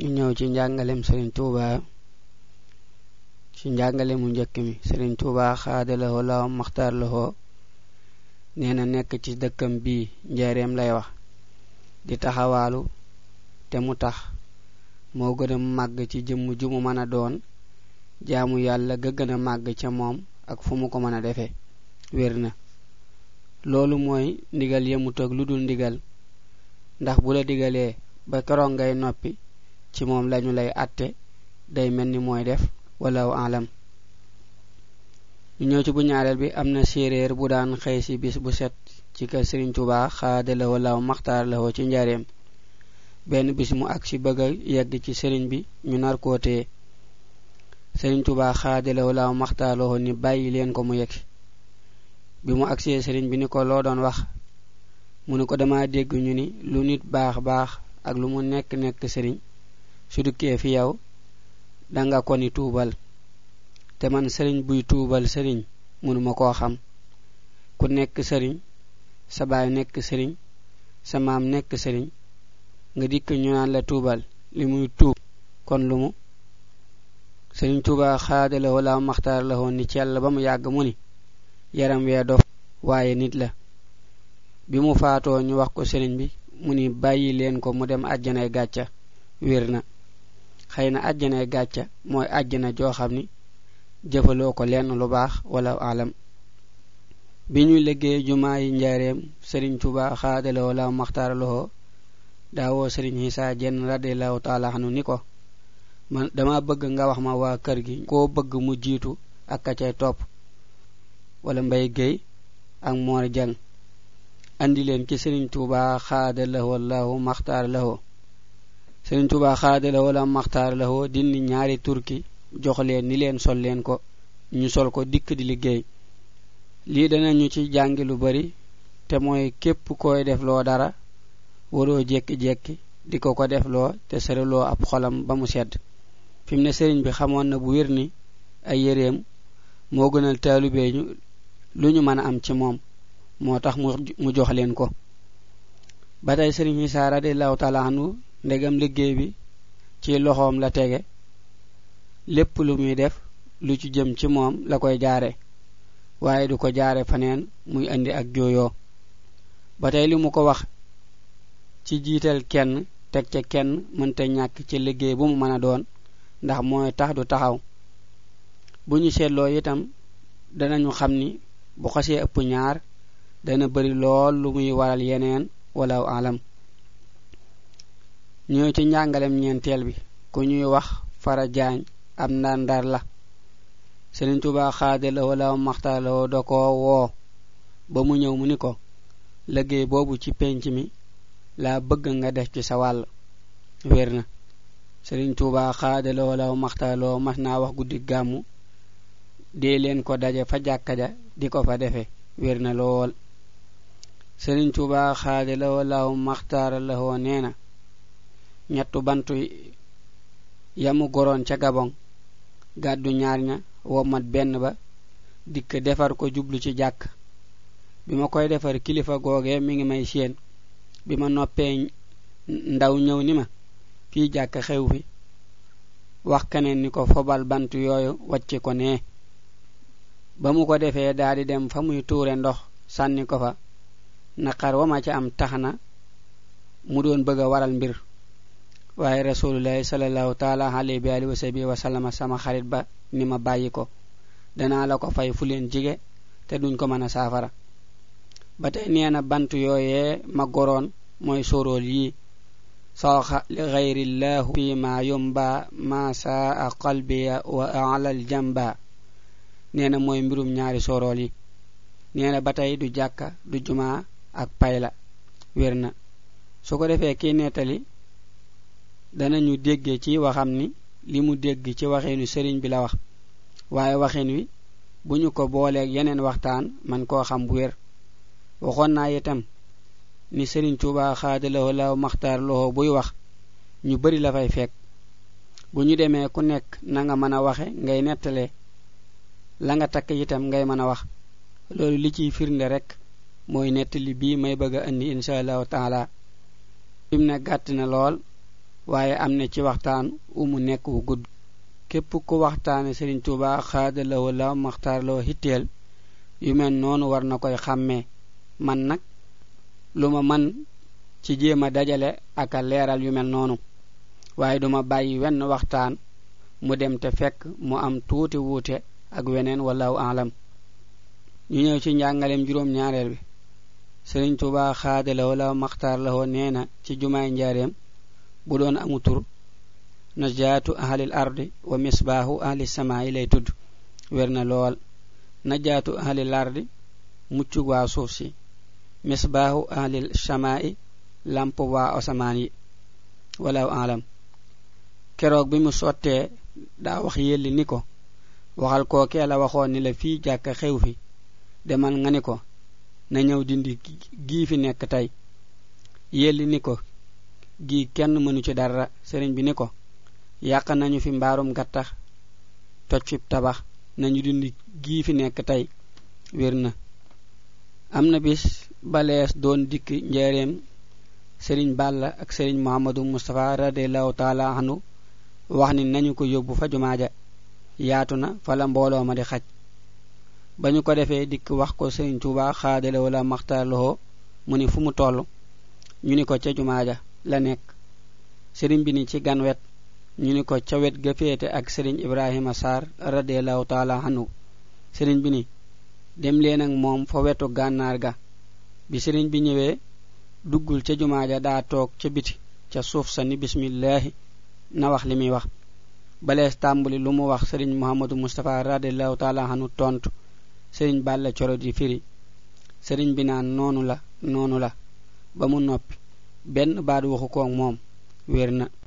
ñu ñëw ci njàngaleem sëriñ tuuba ci njàngale njëkk mi sëriñ tuuba xaadalahoo law maxtaar lahoo nee na nekk ci dëkkam bii njareem lay wax di taxawaalu te mu tax moo gën a màgg ci jëmm ju mu mën a doon jaamu yàlla ga gën a màgg ca moom ak fu mu ko mën a defee wér na loolu mooy ndigal yemut ak lu dul ndigal ndax bu la digalee ba keroog ngay noppi ci moom lañu lay àtte day mel ni mooy def walaw alam ñu ñëw ci bu ñaareel bi am na séeréer bu daan xëy si bis bu set ci kër sëriñ tubaa xaade la walaw maxtaar la ci njareem benn bis mu ak si bëgg a yegg ci sëriñ bi ñu nar koo téye sëriñ tubaa xaade la walaw maxtaar la ni bàyyi leen ko mu yegg bi mu agsee sëriñ bi ni ko loo doon wax mu ni ko dama dégg ñu ni lu nit baax baax ak lu mu nekk nekk sëriñ su dukkee fi yow danga ko ni tuubal te man sëriñ buy tuubal sëriñ ma koo xam ku nekk sëriñ sa baay nekk sëriñ sa maam nekk sëriñ nga dikk ñu naan la tuubal li muy tuub kon lu mu sëriñ tuuba xaadalawoo la maxtaar la woon ni ci yàlla ba mu yàgg mu ni yaram wee dof waaye nit la bi mu faatoo ñu wax ko sëriñ bi mu ni bàyyi leen ko mu dem àjjanay gàcca wér na xëy na àjjanay gàcca mooy àjjana joo xam ni jëfaloo ko lenn lu baax wala alam bi ñuy liggéey juma yi njaareem sëriñ tuba xaadaloo la maxtaaraloo daawoo sëriñ xisaa jenn radiallahu taala anu ni ko man dama bëgg nga wax ma waa kër gi koo bëgg mu jiitu ak ka cay topp wala mbay géy ak moore jang andi leen ci sëriñ tuba xaadaloo lahu maxtaaraloo serigne touba xaade la wala maxtaar la dindi ñaari turki jox leen ni leen sol leen ko ñu sol ko dikk di liggéey lii danañu ci jàngi lu bari te mooy képp koy def loo dara waroo jekki-jekki di ko ko def loo te sëraloo ab xolam ba mu sedd fi mu ne sëriñ bi xamoon na bu wér ni ay yéreem moo gënal taalubee ñu lu ñu mën a am ci moom moo tax mu jox leen ko ba tey sëriñ saa radiallahu taala anhu ndegam liggéey bi ci loxoom la tege lépp lu muy def lu ci jëm ci moom la koy jaare waaye du ko jaare faneen muy andi ak jooyoo ba tey li mu ko wax ci jiital kenn teg ca kenn mënta ñàkk ci liggéey bu mu mën a doon ndax mooy tax du taxaw bu ñu seetloo itam danañu xam ni bu xasee ëpp ñaar dana bari lool lu muy waral yeneen walaw alam ñoo ci njàngalem ñeenteel bi ku ñuy wax fara jaañ na ndar la sëriñ tuba xaade la wala maxtaar la da ko woo ba mu ñëw mu ni ko liggéey boobu ci penc mi laa bëgg nga def ci sa wàll wér na sëriñ tuba xaade la wala maxtaar la mas naa wax guddi gàmmu dee leen ko daje fa jàkka ja di ko fa defe wér na lool sëriñ tuba xaade la wala maxtaar la nee na ñettu bantu yamu goroon ca gabon gàddu ñaar ña womat benn ba dikk defar ko jublu ci jàkk bi ma koy defar kilifa googee mi ngi may seen bi ma noppee ndaw ñëw ni ma fii jàkk xew fi wax keneen ni ko fobal bant yooyu wàcce ko nee ba mu ko defee daa di dem fa muy tuure ndox sànni ko fa naqar wa ma ca am taxna mu doon bëgg a waral mbir waaye rasulullahi salallahu taala alayhi bi alihi wasabi wasallama sama xarit ba ni ma bàyyi ko danaa la ko fay fu leen jige te duñ ko mën a saafara ba tey nee na bant yooyee ma goroon mooy sóorool yi sooxa li fi ma yumba ma saa qalbiya wa ala jamba nee na mooy mbirum ñaari sóorool yi nee na ba tey du jàkka du jumaa ak pay wér na su ko defee kii danañu déggee ci waxam ni li mu dégg ci waxeenu sëriñ bi la wax waaye waxin wi bu ñu ko booleeg yeneen waxtaan man koo xam bu wér waxoon naa itam ni sëriñ Tuubaa xaadaloo la maxtaar loxo buy wax ñu bari la fay fekk bu ñu demee ku nekk na nga mën a waxe ngay nettale la nga takk itam ngay mën a wax loolu li ciy firnde rek mooy nettali bii may bëgg a indi insha allahu taala fi mu ne gàtt na lool waaye am na ci waxtaan wu mu nekk wu gudd képp ku waxtaane Sëriñ Tuuba xaada la wala maxtaar hitteel yu mel noonu war na koy xàmmee man nag lu ma man ci jéem a dajale ak a leeral yu mel noonu waaye duma bàyyi wenn waxtaan mu dem te fekk mu am tuuti wuute ak weneen walla alam ñu ñëw ci njàngaleem juróom-ñaareel bi Sëriñ Tuuba xaada la wala maxtaar la nee na ci jumaay njaareem guɗon amutur najatu ahalil ardi wa misbahu ahli sama'i lay tudd wér na lool najatu ahalil ardi muccug waa suuf si misbaahu ahlil shamaa'i lamp waa osamaan yi walaw alam keroog bi mu sottee daa wax yelli ni ko waxal kookee la waxoon ni la fii jàkk xew fi demal nga ni ko na ñëw dindi gii fi nekk tey yelli ni ko gi kenn mënu ci dara sëriñ bi ni ko yàq nañu fi mbaarum gàttax toj fi tabax nañu dindi gii fi nekk tey wér na am na bis balees doon dikk njeereem sëriñ bàlla ak sëriñ mohamadu mustapha radiallahu taala anu wax ni nañu ko yóbbu fa jumaaja yaatu na fala mbooloo ma di xaj bañu ko defee dikk wax ko sëriñ tuuba xaadale wala maxtaarloxoo mu ni fu mu toll ñu ni ko ca jumaaja la nekk sëriñ bi ni ci ganwet ñu ni ko ca wet gëfeete ak sëriñ ibrahima sar radiallahu taala anhu sëriñ bi ni dem leen ak moom fa wetu gànnaar ga bi sëriñ bi ñëwee duggul ca jumaaja daa toog ca biti ca suuf sa ni bismillahi na wax li muy wax ba lees tàmbali lu mu wax sëriñ mohamadou mustapha radiallahu taala anhu tontu sëriñ bàlla coro di firi sëriñ bi naan noonu la noonu la ba mu noppi benn baat waxu koog moom wér na